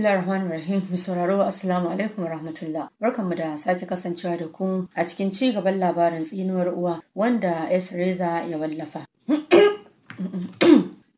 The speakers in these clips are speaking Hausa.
Bismillah rahman rahim mai sauraro assalamu alaikum rahmatullah barkanmu da sake kasancewa da ku a cikin ci gaban labarin tsinuwar uwa wanda Esreza ya wallafa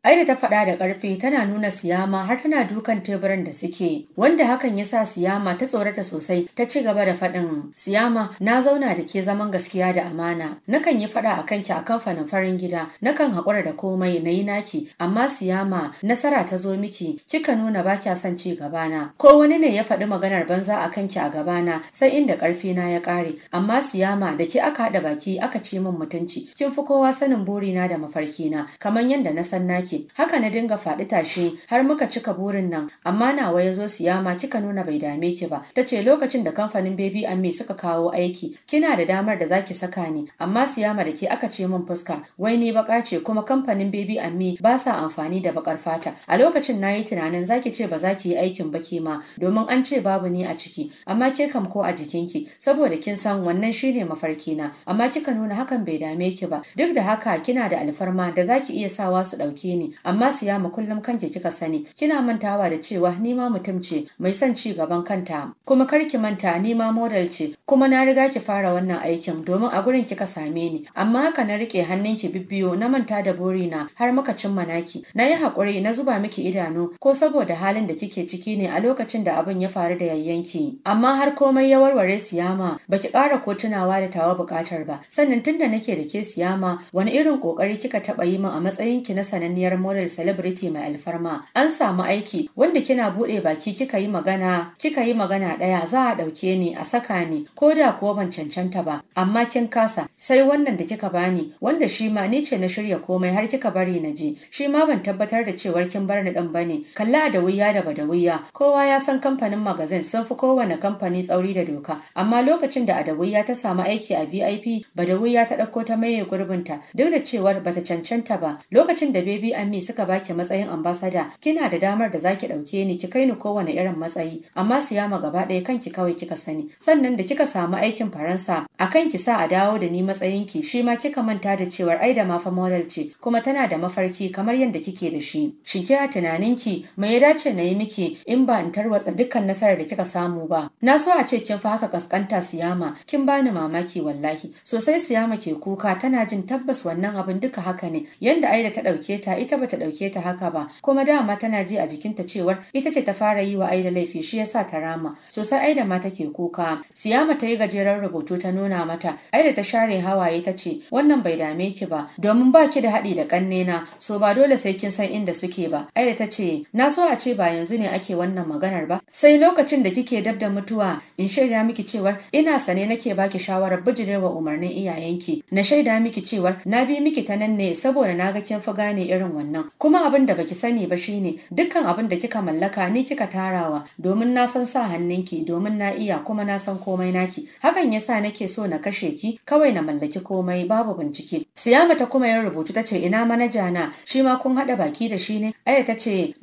Aida ta faɗa da ƙarfi tana nuna siyama har tana dukan teburan da suke, wanda hakan ya sa siyama ta tsorata sosai ta ci gaba da faɗin. Siyama na zauna da ke zaman gaskiya da amana, nakan yi faɗa a kanki a kamfanin farin gida, nakan haƙura da komai na yi naki, amma siyama nasara ta zo miki, kika nuna ba kya son ci gabana. Ko wani ne ya faɗi maganar banza a kanki a gabana sai inda ƙarfi na ya ƙare, amma siyama da ke aka haɗa baki aka ci min mutunci, kin fi kowa sanin burina da mafarkina, kamar yadda na san naki haka na dinga faɗi tashi har muka cika burin nan amma nawa ya zo siyama kika nuna bai dame ki ba ta ce lokacin da kamfanin baby ammi suka kawo aiki kina da damar da zaki saka ni amma siyama da ke aka ce min fuska wai ni baka ce kuma kamfanin baby ammi ba sa amfani da bakar fata a lokacin na yi tunanin zaki ce ba za ki yi aikin ba ke ma domin an ce babu ni a ciki amma ke kam ko a jikinki saboda kin san wannan shine mafarki na amma kika nuna hakan bai dame ki ba duk da haka kina da alfarma da zaki iya sawa su ɗauke ni ne amma siyama kullum kanki kika sani kina mantawa da cewa ni ma mutum ce mai son ci gaban kanta kuma kar ki manta ni ma model ce kuma na riga ki fara wannan aikin domin a gurin kika same ni amma haka na rike hannun ki bibbiyo na manta da na har muka cimma naki na yi hakuri na zuba miki idanu ko saboda halin da kike ciki ne a lokacin da abin ya faru da yayyanki amma har komai ya warware siyama baki ƙara ko tunawa da tawa buƙatar ba sannan tunda nake da ke siyama wani irin ƙoƙari kika taɓa yi min a matsayin ki na sananniyar kungiyar moral Celebrity mai alfarma an samu aiki wanda kina bude baki kika yi magana kika yi magana ɗaya za a ɗauke ni a saka ni ko da ko ban cancanta ba amma kin kasa sai wannan da kika bani wanda shi ma ni ce na shirya komai har kika bari na je shi ma ban tabbatar da cewar kin bar ni dan bane kalla da wuya da wuya kowa ya san kamfanin magazin sun fi kowane kamfani tsauri da doka amma lokacin da adawiya ta samu aiki a VIP wuya ta ɗauko ta maye gurbinta duk da cewar bata cancanta ba lokacin da baby me suka baki matsayin ambasada kina da damar da zaki ɗauke ni ki kai ni kowane irin matsayi amma siyama gaba ɗaya kanki kawai kika sani sannan da kika samu aikin faransa a kan ki sa a dawo da ni matsayin ki shi ma kika manta da cewar ai da mafa model ce kuma tana da mafarki kamar yadda kike da shi shin kina tunanin ki me ya dace na yi miki in ba in tarwatsa dukkan nasarar da kika samu ba na so a ce kin fa haka kaskanta siyama kin bani mamaki wallahi sosai siyama ke kuka tana jin tabbas wannan abin duka haka ne yanda aida ta ɗauke ta ita ita bata dauke ta haka ba kuma dama tana ji a jikinta cewar ita ce ta fara yi wa Aida laifi shi yasa ta rama sosai Aida ma take kuka Siyama ta yi gajeren rubutu ta nuna mata Aida ta share hawaye ta ce wannan bai dame ki ba domin ba ki da haɗi da kannena so ba dole sai kin san inda suke ba Aida ta ce na so a ce ba yanzu ne ake wannan maganar ba sai lokacin da kike dab da mutuwa in shaida miki cewar ina sane nake baki shawarar bijirewa umarnin iyayenki na shaida miki cewar na bi miki ta nan ne saboda na ga kin fi gane irin wannan kuma abin da baki sani ba shine dukkan abin da kika mallaka ni kika tarawa domin na san sa hannunki domin na iya kuma na san komai naki hakan yasa nake so na kashe ki kawai na mallaki komai babu bincike siyama ta kuma ya rubutu tace ina manaja na shi ma kun hada baki da shi ne aya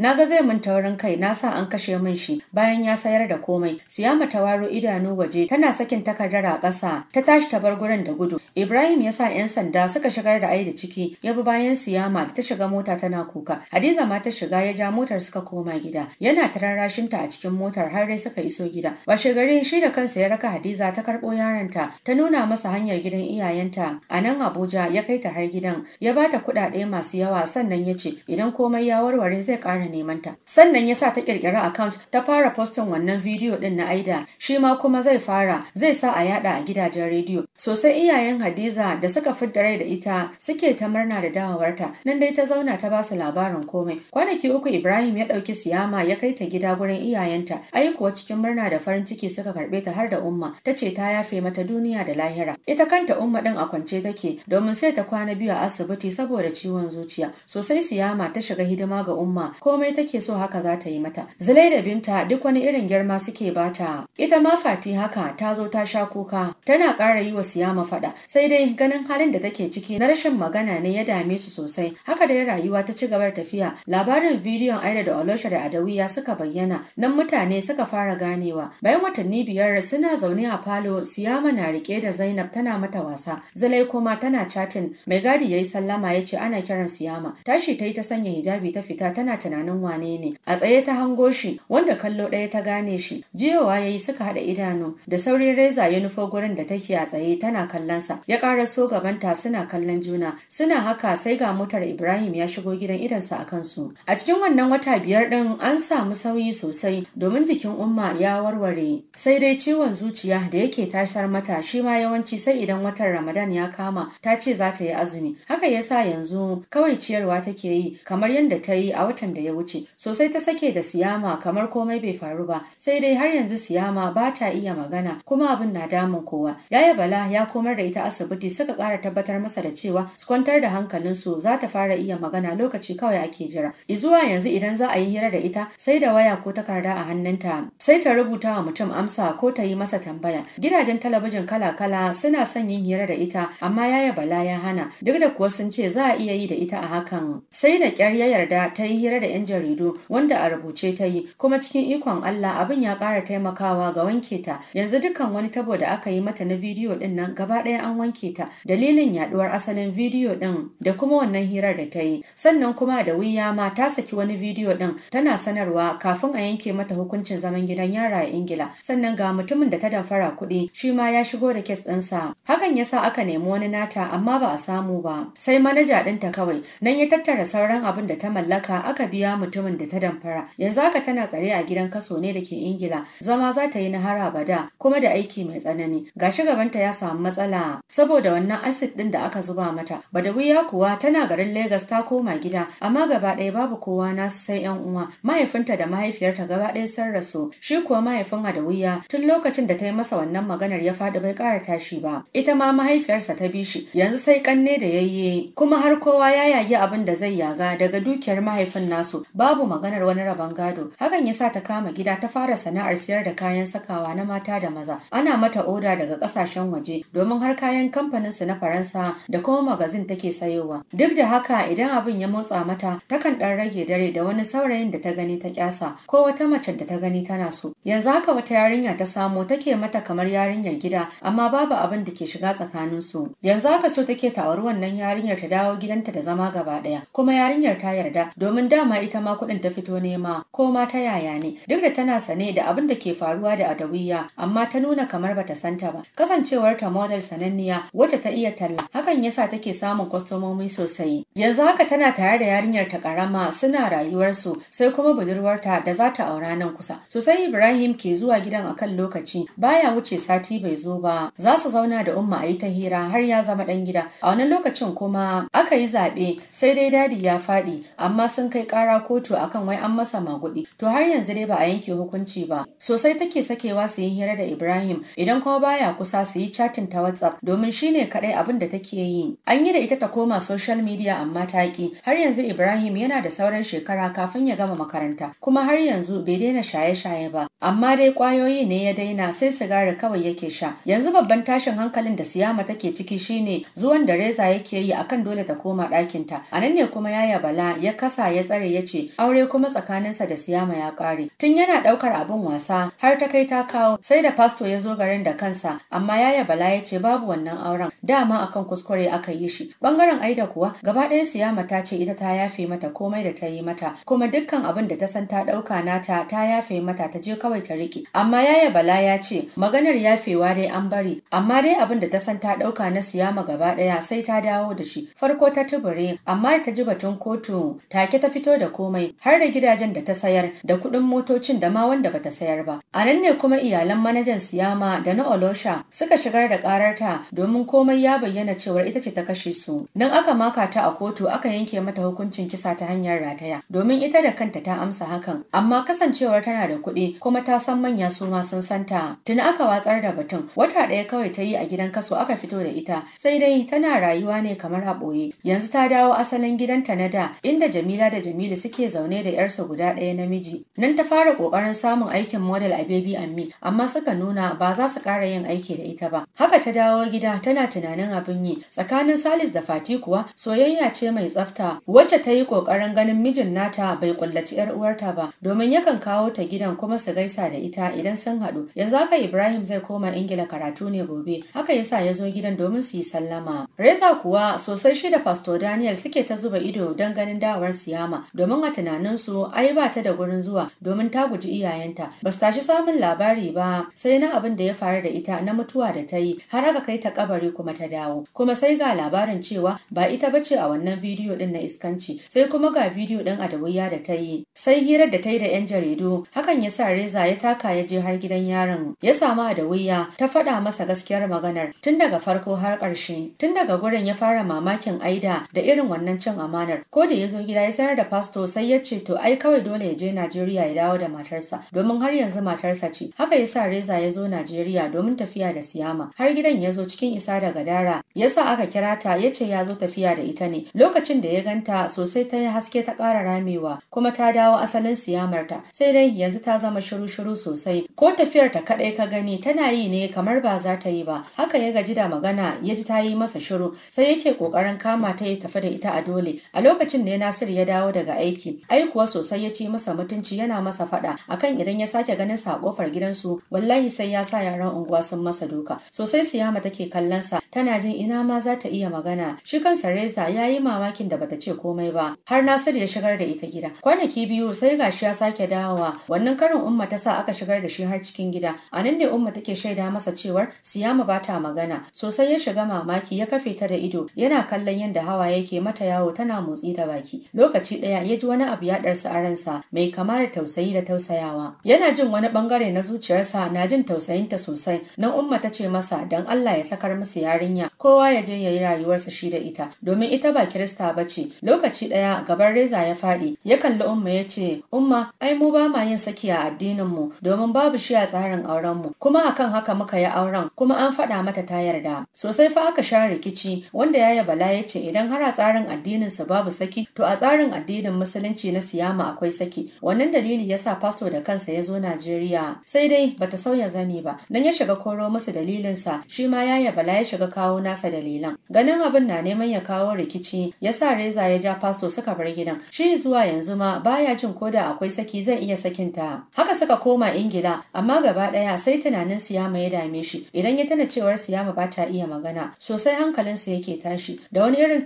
na ga zai mun taurin kai na sa an kashe min shi bayan ya sayar da komai siyama ta waro idanu waje tana sakin takardar a ƙasa ta tashi ta bar gurin da gudu ibrahim yasa yan sanda suka shigar da ai ciki ya bi bayan siyama da ta shiga mota tana kuka hadiza ma ta shiga ya ja motar suka koma gida yana tararashin ta a cikin motar har dai suka iso gida washe gari shi da kansa ya raka hadiza ta karbo yaronta ta nuna masa hanyar gidan iyayenta a nan abuja ya kai ta har gidan ya bata kuɗaɗe masu yawa sannan ya ce idan komai ya warware zai kara neman ta sannan ya sa ta ƙirƙiri account ta fara postin wannan video ɗin na aida shi ma kuma zai fara zai sa a yada a gidajen rediyo sosai iyayen hadiza da suka fidda rai da ita suke ta murna da dawowarta nan dai ta zauna suna ta basu labarin komai kwanaki uku Ibrahim ya ɗauki siyama ya kai ta gida gurin iyayenta ai kuwa cikin murna da farin ciki suka karɓe ta har da umma ta ce ta yafe mata duniya da lahira ita kanta umma ɗin a kwance take domin sai ta kwana biyu a asibiti saboda ciwon zuciya sosai siyama ta shiga hidima ga umma komai take so haka za ta yi mata zulai da binta duk wani irin girma suke bata ita ma fati haka ta zo ta sha kuka tana ƙara yi wa siyama faɗa sai dai ganin halin da take ciki na rashin magana ne ya dame su sosai haka da ya rayuwa ta ci gaba da tafiya labarin bidiyon aida da olosha da adawiya suka bayyana nan mutane suka fara ganewa bayan watanni biyar suna zaune a falo siyama na rike da zainab tana mata wasa zalai kuma tana chatin mai gadi yayi sallama ya ce ana kiran siyama tashi ta yi ta sanya hijabi ta fita tana tunanin wane ne a tsaye ta hango shi wanda kallo ɗaya ta gane shi jiyowa yi suka haɗa idanu da saurin reza ya nufo gurin da take a tsaye tana kallonsa ya ƙara so gabanta suna kallon juna suna haka sai ga motar ibrahim ya shigo gidan idansa a kansu. A cikin wannan wata biyar ɗin an samu sauyi sosai domin jikin umma ya warware. Sai dai ciwon zuciya da yake tashar mata shi ma yawanci sai idan watan Ramadan ya kama ta ce za ta yi azumi. Haka ya sa yanzu kawai ciyarwa take yi kamar yadda ta yi a watan da ya wuce. Sosai ta sake da siyama kamar komai bai faru ba. Sai dai har yanzu siyama ba ta iya magana kuma abin na damun kowa. Yaya Bala ya komar da ita asibiti suka ƙara tabbatar masa da cewa su kwantar da hankalinsu za ta fara iya magana magana lokaci kawai ake jira izuwa yanzu idan za a yi hira da ita sai da waya ko takarda a hannunta sai ta rubuta wa mutum amsa ko ta yi masa tambaya gidajen talabijin kala-kala suna son yin hira da ita amma yaya bala ya hana duk da kuwa sun ce za a iya yi da ita a hakan sai da kyar ya yarda ta yi hira da 'yan jaridu wanda a rubuce ta yi kuma cikin ikon Allah abin ya kara taimakawa ga wanke ta yanzu dukkan wani tabo da aka yi mata na bidiyo din nan gaba ɗaya an wanke ta dalilin yaɗuwar asalin bidiyo din da kuma wannan hirar da ta yi sannan kuma da wuya ma ta saki wani bidiyo ɗin tana sanarwa kafin a yanke mata hukuncin zaman gidan yara a ingila sannan ga mutumin da ta damfara kuɗi shi ma ya shigo da kes ɗinsa hakan yasa aka nemi wani nata amma ba a samu ba sai manaja ɗinta kawai nan ya tattara sauran abin da ta mallaka aka biya mutumin da ta damfara yanzu haka tana tsare a gidan kaso ne da ke ingila zama za ta yi na har abada kuma da aiki mai tsanani Ga shi gabanta ya samu matsala saboda wannan asid ɗin da aka zuba mata Ba da wuya kuwa tana garin Legas ta koma koma gida amma gaba ɗaya babu kowa nasu sai yan uwa mahaifinta da mahaifiyarta gaba ɗaya sun rasu shi kuwa mahaifin wuya tun lokacin da ta yi masa wannan maganar ya faɗi bai ƙara tashi ba ita ma mahaifiyarsa ta bi shi yanzu sai ƙanne da yayye kuma har kowa ya yagi abin da zai yaga daga dukiyar mahaifin nasu babu maganar wani rabon gado hakan ya sa ta kama gida ta fara sana'ar siyar da kayan sakawa na mata da maza ana mata oda daga ƙasashen waje domin har kayan kamfaninsu na Faransa da kuma magazin take sayowa duk da haka idan abin ya motsa mata takan dan rage dare da wani saurayin da ta gani ta kyasa ko wata mace da ta gani tana so yanzu haka wata yarinya ta samo take mata kamar yarinyar gida amma babu abin da ke shiga tsakanin su yanzu haka so take tawar wannan yarinyar ta dawo gidanta da zama gaba daya kuma yarinyar ta yarda domin dama ita ma kuɗin ta fito nema ko ma ta yaya ne duk da tana sane da abin da ke faruwa da adawiya amma ta nuna kamar bata santa ba kasancewar ta model sananniya wacce ta iya talla hakan yasa take samun kwastomomi sosai yanzu haka tana tare da yarinyar ta karama suna rayuwarsu sai kuma budurwarta da za ta aura nan kusa. Sosai Ibrahim ke zuwa gidan akan lokaci baya wuce sati bai zo ba. Za su zauna da umma a yi ta hira har ya zama dan gida. A wani lokacin kuma aka yi zaɓe sai dai dadi ya faɗi amma sun kai ƙara kotu akan wai an masa maguɗi. To har yanzu dai ba a yanke hukunci ba. Sosai take sakewa su yi hira da Ibrahim idan kuma baya kusa su yi chatting ta WhatsApp domin shine kaɗai abin da take yi. An yi da ita ta koma social media amma ta har yanzu Ibrahim yana da sauran shekara kafin ya gama makaranta kuma har yanzu bai daina shaye-shaye ba amma dai kwayoyi ne ya daina sai sigari kawai yake sha yanzu babban tashin hankalin da Siyama take ciki shine zuwan da Reza yake yi akan dole ta koma ɗakinta a nan ne kuma yaya Bala ya kasa ya tsare ya ce aure kuma tsakaninsa da Siyama ya ƙare tun yana ɗaukar abin wasa har ta kai ta kawo sai da fasto ya zo garin da kansa amma yaya Bala ya ce babu wannan auren dama akan kuskure aka yi shi bangaren Aida kuwa gaba ɗaya Siyama ta ce ita ta yafe mata komai da ta yi mata kuma dukkan abin da ta san ta ɗauka nata ta yafe mata ta je kawai ta riƙe amma yaya bala ya ce maganar yafewa dai an bari amma dai abin da ta san ta ɗauka na siyama gaba ɗaya sai ta dawo da shi farko ta tubure amma ta ji batun kotu take ta fito da komai har da gidajen da ta sayar da kuɗin motocin da ma wanda bata sayar ba a nan ne kuma iyalan manajan siyama da na olosha suka shigar da ƙararta domin komai ya bayyana cewar ita ce ta kashe su nan aka maka ta a kotu aka yi yanke mata hukuncin kisa ta hanyar rataya domin ita da kanta ta amsa hakan amma kasancewar tana da kuɗi kuma ta san manya su ma sun santa tuni aka watsar da batun wata ɗaya kawai ta yi a gidan kaso aka fito da ita sai dai tana rayuwa ne kamar haɓoye yanzu ta dawo asalin gidanta na da inda Jamila da Jamilu suke zaune da yarsa guda ɗaya namiji nan ta fara ƙoƙarin samun aikin model a Baby Ammi amma suka nuna ba za su kara yin aiki da ita ba haka ta dawo gida tana tunanin abin yi tsakanin Salis da Fati kuwa soyayya ce mai tsaf nafta wacce ta yi kokarin ganin mijin nata bai kullaci yar uwarta ba domin yakan kawo ta gidan kuma su gaisa da ita idan sun haɗu yanzu haka Ibrahim zai koma Ingila karatu ne gobe haka yasa ya zo gidan domin su yi sallama Reza kuwa sosai shi da Pastor Daniel suke ta zuba ido don ganin dawar Siyama domin a tunanin su ai ba ta da gurin zuwa domin ta guji iyayenta ba su tashi samun labari ba sai na abin da ya faru da ita na mutuwa da ta yi har aka kai ta kabari kuma ta dawo kuma sai ga labarin cewa ba ita ba ce a wannan bidiyo din na iskanci sai kuma ga bidiyo ɗin adawiya da ta yi sai hirar da ta yi da yan jaridu hakan ya sa reza ya taka ya je har gidan yaron ya samu adawiya ta faɗa masa gaskiyar maganar tun daga farko har ƙarshe tun daga gurin ya fara mamakin aida da irin wannan cin amanar ko da ya zo gida ya sanar da fasto sai ya ce to ai kawai dole ya je najeriya ya dawo da matarsa domin har yanzu matarsa ce haka ya sa reza ya zo najeriya domin tafiya da siyama har gidan ya zo cikin isa da dara ya sa aka kira ta ya ce ya zo tafiya da ita ne lokacin da da ya ganta sosai ta yi haske ta ƙara ramewa kuma ta dawo asalin siyamarta sai dai yanzu ta zama shiru-shiru sosai ko tafiyar ta kaɗai ka gani tana yi ne kamar ba za ta yi ba haka ya gaji da magana ya ji ta yi masa shiru sai yake ƙoƙarin kama ta ya tafi da ita a dole a lokacin ne Nasiru ya dawo daga aiki ai kuwa sosai ya ci masa mutunci yana masa faɗa akan idan ya sake ganin sa a ƙofar gidansu wallahi sai ya sa yaran unguwa sun masa duka sosai siyama take kallon sa tana jin ina ma za ta iya magana shi kansa Reza ya yi mamakin da bata ce komai ba har Nasir ya shigar da ita gida kwanaki biyu sai gashi ya sake dawowa wannan karin umma ta sa aka shigar da shi har cikin gida a nan ne umma take shaida masa cewar Siyama ba ta magana sosai ya shiga mamaki ya kafe ta da ido yana kallon yadda hawa yake mata yawo tana motsi da baki lokaci daya ya ji wani abu ya darsa a ransa mai kama da tausayi da tausayawa yana jin wani bangare na zuciyarsa na jin tausayinta sosai nan umma ta ce masa dan Allah ya sakar musu yarinya kowa ya je ya yi rayuwarsa shi da ita domin ita ba kirista ba ba lokaci ɗaya gaban reza ya faɗi ya kalli umma ya ce umma ai mu ba ma yin saki a addinin mu domin babu shi a tsarin auren mu kuma akan haka muka yi auren kuma an faɗa mata ta yarda sosai fa aka sha rikici wanda yaya bala ya ce idan har a tsarin addinin su babu saki to a tsarin addinin musulunci na siyama akwai saki wannan dalili yasa fasto da kansa ya zo Najeriya sai dai bata sauya zani ba nan ya shiga koro musu dalilinsa shi ma yaya bala ya shiga kawo nasa dalilan ganin abin na neman ya kawo rikici yasa sa reza ya ja fasto suka bar gidan shi zuwa yanzu ma baya jin ko da akwai saki zai iya sakin ta haka suka koma ingila amma gaba daya sai tunanin siyama ya dame shi idan ya tana cewar siyama ba ta iya magana sosai hankalinsa yake tashi da wani irin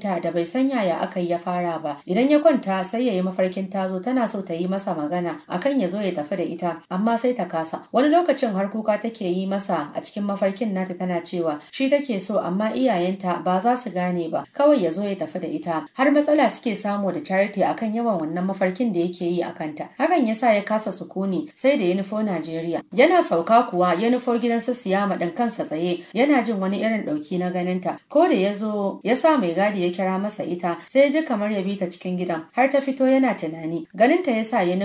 ta da bai san yaya aka yi ya fara ba idan ya kwanta sai ya yi mafarkin tazo tana so ta yi masa magana akan ya zo ya tafi da ita amma sai ta kasa wani lokacin har kuka take yi masa a cikin mafarkin nata tana cewa shi take so amma iyayenta ba za su gane ba kawai ya zo ya tafi da ita har matsala suke samu da charity akan yawan wannan mafarkin da yake yi a kanta. hakan yasa ya kasa sukuni sai da yanifo Najeriya yana sauka kuwa yanifo gidan su siyama din kansa tsaye yana jin wani irin ɗauki na ganin ta ko da ya zo ya sa mai gadi ya kira masa ita sai ya ji kamar ya bi ta cikin gidan har ta fito yana tunani Ganinta ta yasa ya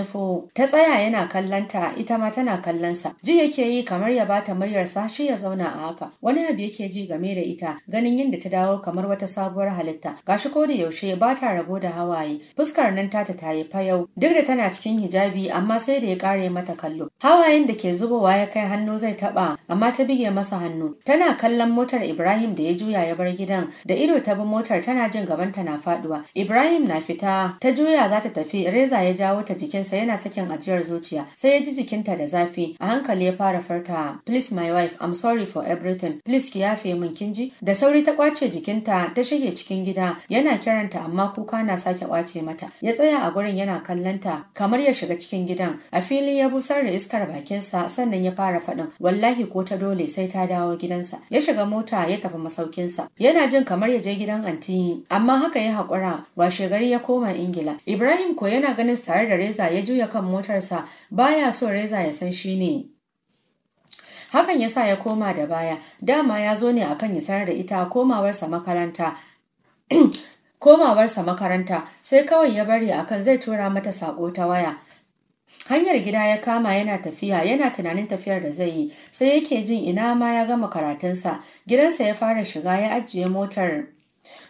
ta tsaya yana kallon ta ita ma tana kallon sa ji yake yi kamar ya bata muryarsa shi ya zauna a haka wani abu yake ji game da ita ganin yadda ta dawo kamar wata sabuwar halitta gashi ko da yaushe ba ta rabo da hawaye fuskar nan ta ta yi fayau duk da tana cikin hijabi amma sai da ya kare mata kallo hawayen da ke zubowa ya kai hannu zai taba amma ta bige masa hannu tana kallon motar Ibrahim da ya juya ya bar gidan da ido ta bi motar tana jin gaban ta na faduwa Ibrahim na fita ta juya za ta tafi Reza ya jawo ta jikinsa yana sakin ajiyar zuciya sai ya ji jikinta da zafi a hankali ya fara farta please my wife I'm sorry for everything please ki yafe min kinji da sauri ta kwace jikinta ta shige cikin gida ya yana kiranta amma kuka na sake kwace mata ya tsaya a gurin yana kallanta kamar ya shiga cikin gidan a fili ya busar da iskar bakinsa sannan ya fara faɗin wallahi ko ta dole sai ta dawo gidansa ya shiga mota ya tafi masaukinsa yana jin kamar ya je gidan antiyi amma haka ya haƙura washe gari ya koma ingila ibrahim ko yana ganin tare da reza ya juya kan motarsa baya so reza ya san shi ne hakan ya sa ya koma da baya dama ya zo ne akan ya sanar da ita komawarsa makaranta komawarsa makaranta sai kawai ya bari akan zai tura mata sako ta waya hanyar gida ya kama yana tafiya yana tunanin tafiyar da zai yi sai yake jin ina ma ya gama karatunsa gidansa ya fara shiga ya ajiye motar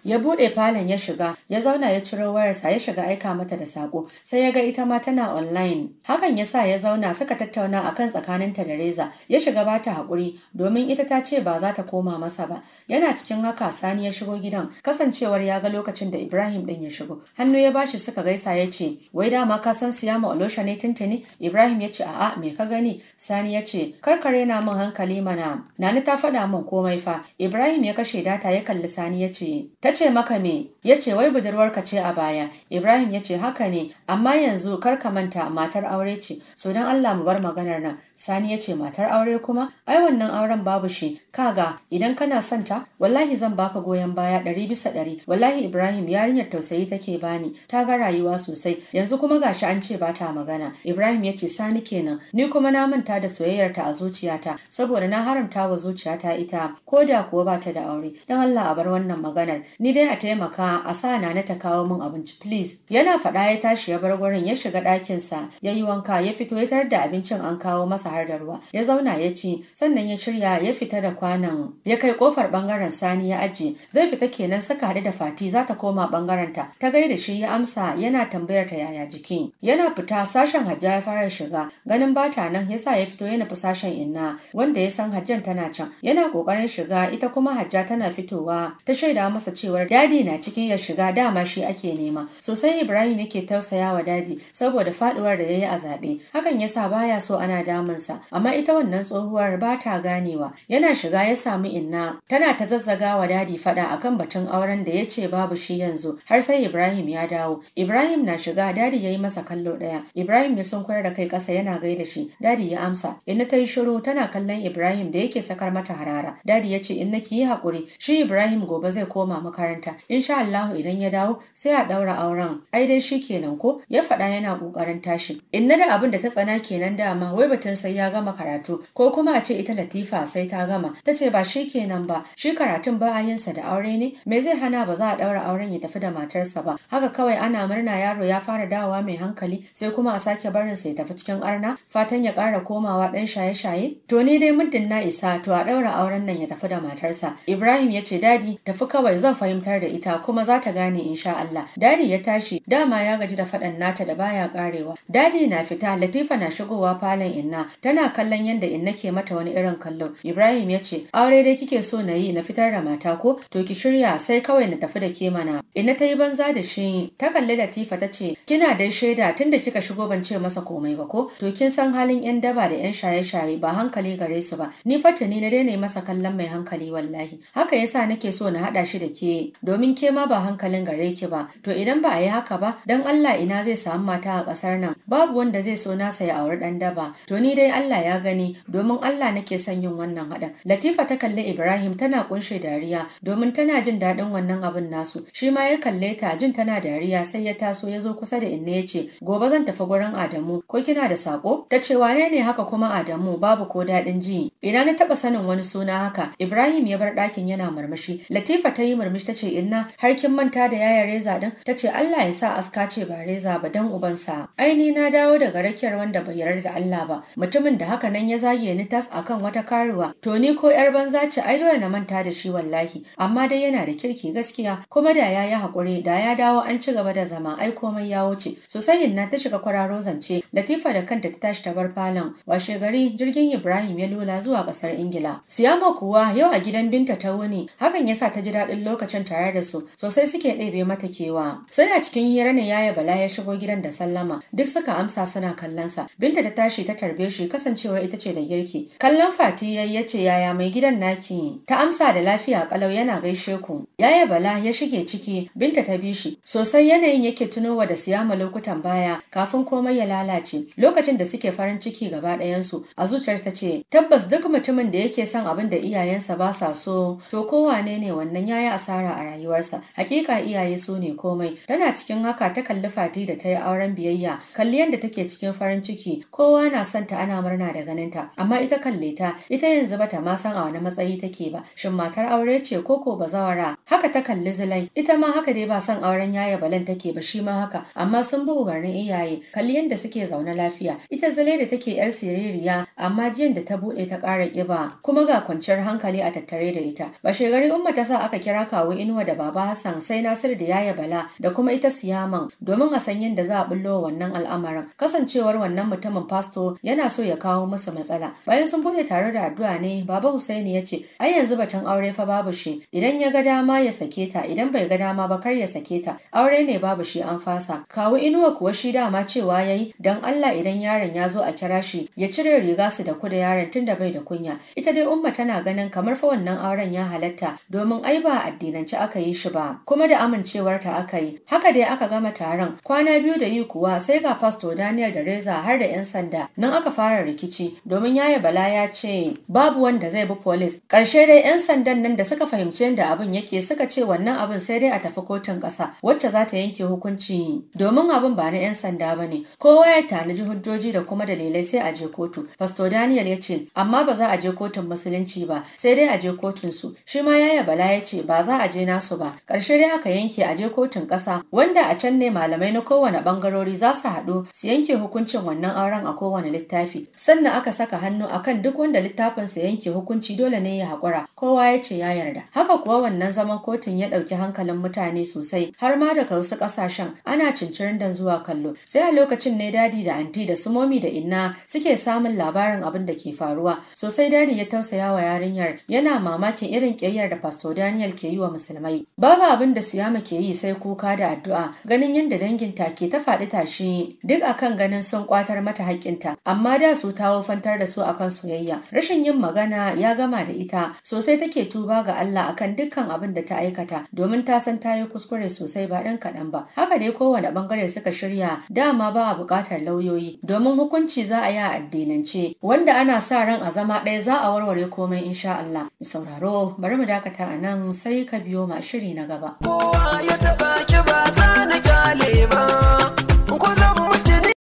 ya bude falon ya shiga ya zauna ya ciro wayarsa ya shiga aika mata da sako sai ya ga ita ma tana online hakan ya sa ya zauna suka tattauna akan tsakaninta da reza ya shiga ba ta haƙuri domin ita ta ce ba za ta koma masa ba yana cikin haka sani ya shigo gidan kasancewar ya ga lokacin da ibrahim ɗin ya shigo hannu ya bashi suka gaisa ya ce wai dama ka san siya ma olosha ne tuntuni ibrahim ya ce a'a me ka gani sani ya ce karkare na min hankali mana nani ta faɗa min komai fa ibrahim ya kashe data ya kalli sani ya ce ta ce maka me ya ce wai budurwarka ce a baya ibrahim ya ce haka ne amma yanzu kar ka manta matar aure ce so don allah mu bar maganar nan sani ya ce matar aure kuma ai wannan auren babu shi kaga idan kana son wallahi zan baka goyon baya ɗari bisa ɗari wallahi ibrahim yarinyar tausayi take bani ta ga rayuwa sosai yanzu kuma gashi an ce bata magana ibrahim ya ce sani kenan ni kuma na manta da soyayyarta a zuciyata saboda na haramta wa zuciyata ita ko da kuwa bata da aure don allah a bar wannan magana maganar ni dai a taimaka a sa na ta kawo min abinci please yana faɗa ya tashi ya bar gurin ya shiga ɗakinsa ya yi wanka ya fito ya tar da abincin an kawo masa har da ruwa ya zauna ya ci sannan ya shirya ya fita da kwanan ya kai kofar bangaren sani ya aje zai fita kenan suka haɗu da fati za ta koma bangaren ta ta gaida shi ya amsa yana tambayar ta yaya jikin yana fita sashen hajja ya fara shiga ganin bata nan yasa ya fito ya nufi sashen inna wanda ya san hajjan tana can yana kokarin shiga ita kuma hajja tana fitowa ta shaida masa masa cewar dadi na cikin ya shiga dama shi ake nema sosai ibrahim yake tausaya wa dadi saboda faduwar da ya yi a zaɓe hakan ya sa baya so ana damunsa amma ita wannan tsohuwar ba ta ganewa yana shiga ya samu inna tana ta zazzaga wa dadi fada akan batun auren da ya ce babu shi yanzu har sai ibrahim ya dawo ibrahim na shiga dadi ya yi masa kallo ɗaya ibrahim ya sun da kai ƙasa yana gaida shi dadi ya amsa inna ta yi shiru tana kallon ibrahim da yake sakar mata harara dadi ya ce inna ki yi haƙuri shi ibrahim gobe zai koma koma makaranta insha Allahu idan ya dawo sai a daura auren ai dai shi kenan ko ya faɗa yana kokarin tashi inna da abin da ta tsana kenan dama wai batun sai ya gama karatu ko kuma a ce ita Latifa sai ta gama ta ce ba shi kenan ba shi karatun ba ayin sa da aure ne me zai hana ba za a daura auren ya tafi da matarsa ba haka kawai ana murna yaro ya fara dawowa mai hankali sai kuma a sake barin sa ya tafi cikin arna fatan ya kara komawa dan shaye-shaye to ni dai muddin na isa to a daura auren nan ya tafi da matarsa Ibrahim ya ce dadi tafi kawai zan fahimtar da ita kuma za ta gane insha Allah dadi ya tashi dama ya gaji da faɗan nata da baya karewa dadi na fita latifa na shigowa falon inna tana kallon yadda inna ke mata wani irin kallo ibrahim ya ce aure dai kike so na yi na fitar da mata ko to ki shirya sai kawai na tafi da ke mana inna ta yi banza da shi ta kalli latifa ta ce kina da shaida tunda kika shigo ban ce masa komai ba ko to kin san halin yan daba da yan shaye-shaye ba hankali gare su ba ni fata ni na daina masa kallon mai hankali wallahi haka yasa nake so na haɗa shi da ke domin ke ma ba hankalin gare ki ba to idan ba a yi haka ba dan Allah ina zai samu mata a ƙasar nan babu wanda zai so nasa ya auri dan daba to ni dai Allah ya gani domin Allah nake son yin wannan hada Latifa ta kalli Ibrahim tana kunshe dariya domin tana jin daɗin wannan abin nasu shi ma ya kalle ta jin tana dariya sai ya taso ya zo kusa da inna ya ce gobe zan tafi gurin Adamu ko kina da sako ta ce wane ne haka kuma Adamu babu ko daɗin ji ina na taɓa sanin wani suna haka Ibrahim ya bar ɗakin yana murmushi Latifa ta yi murmushi ta ce inna har kin manta da yaya reza din ta ce Allah ya sa aska ce ba reza ba dan ubansa aini na dawo daga rakiyar wanda bai yarda da Allah ba mutumin da haka nan ya zage ni tas akan wata karuwa to ni ko yar banza ce ai dole na manta da shi wallahi amma dai yana da kirki gaskiya kuma da yayi hakuri da ya dawo an ci gaba da zama ai komai ya wuce sosai inna ta shiga kwararo zance latifa da kanta ta tashi ta bar falon washe gari jirgin ibrahim ya lola zuwa kasar ingila siyama kuwa yau a gidan binta ta wuni hakan yasa ta ji daɗin lokacin tare da su sosai suke ɗebe mata kewa suna cikin hira ne yaya bala ya shigo gidan da sallama duk suka amsa suna kallonsa binta ta tashi ta tarbe shi kasancewar ita ce da girki kallon fati ya ce yaya mai gidan naki ta amsa da lafiya kalau yana gaishe ku yaya bala ya shige ciki binta ta bi shi sosai yanayin yake tunowa da siyama lokutan baya kafin komai ya lalace lokacin da suke farin ciki gaba ɗayansu a zuciyar ta ce tabbas duk mutumin da yake son abin da iyayensa ba sa so to kowane ne wannan yaya asara a rayuwarsa hakika iyaye su ne komai tana cikin haka ta kalli fati da ta yi auren biyayya kalli yadda take cikin farin ciki kowa na son ta ana murna da ta amma ita kalle ta ita yanzu bata ma san a wani matsayi take ba shin matar aure ce ko ko bazawara haka ta kalli zilai ita ma haka dai ba son auren yaya balan take ba shi ma haka amma sun bi umarnin iyaye kalli yadda suke zaune lafiya ita zilai da take yar siririya amma jiyan da ta buɗe ta ƙara ƙiba kuma ga kwanciyar hankali a tattare da ita ba shegari umma ta sa aka kira yara kawo inuwa da baba hassan sai nasiru da yaya bala da kuma ita siyaman domin a san yadda za a bullo wannan al'amarin kasancewar wannan mutumin fasto yana so ya kawo musu matsala bayan sun buɗe tare da addu'a ne baba husaini ya ce ai yanzu batun aure fa babu shi idan ya ga dama ya sake ta idan bai ga dama ba kar ya sake ta aure ne babu shi an fasa kawo inuwa kuwa shi dama cewa yayi dan Allah idan yaron ya zo a kira shi ya cire riga su da kuda yaron tunda bai da kunya ita dai umma tana ganin kamar fa wannan auren ya halatta domin ai ba a. addinance aka yi shi ba kuma da amincewar ta aka yi haka dai aka gama taron kwana biyu da yi kuwa sai ga pastor daniel da reza har da yan sanda nan aka fara rikici domin yaya bala ya ce babu wanda zai bi polis karshe dai yan sandan nan da suka fahimci yadda abin yake suka ce wannan abin sai dai a tafi kotun ƙasa wacce za ta yanke hukunci domin abin ba na yan sanda ba ne kowa ya tanaji hujjoji da kuma dalilai sai a je kotu pastor daniel ya ce amma ba za a je kotun musulunci ba sai dai a je kotun su shi ma yaya bala ya ce ba ba za a je nasu ba Karshe dai aka yanke a je kotun ƙasa wanda a can ne malamai na kowane bangarori za su haɗu su yanke hukuncin wannan auren a kowane littafi sannan aka saka hannu akan duk wanda littafin littafinsa yanke hukunci dole ne ya haƙura kowa ya ce ya yarda haka kuwa wannan zaman kotun ya ɗauki hankalin mutane sosai har ma daga wasu ƙasashen ana cincirindan zuwa kallo sai a lokacin ne dadi da anti da sumomi da inna suke samun labarin abin da ke faruwa sosai dadi ya tausaya wa yarinyar yana mamakin irin ƙyayyar da pastor daniel ke yi wa musulmai babu abin da siyama ke yi sai kuka da addu'a ganin yadda danginta ke ta faɗi tashi duk akan ganin sun kwatar mata haƙƙinta amma da su ta fantar da su akan soyayya rashin yin magana ya gama da ita sosai take tuba ga Allah akan dukkan abin da ta aikata domin ta san ta yi kuskure sosai ba ɗan kaɗan ba haka dai kowane ɓangare suka shirya dama ba a buƙatar lauyoyi domin hukunci za a yi a addinance wanda ana sa ran a zama ɗaya za a warware komai insha Allah sauraro bari mu dakata a nan sai sai ka biyo ma shiri na gaba. Kowa ya taɓa ki ba za ni kyale ba.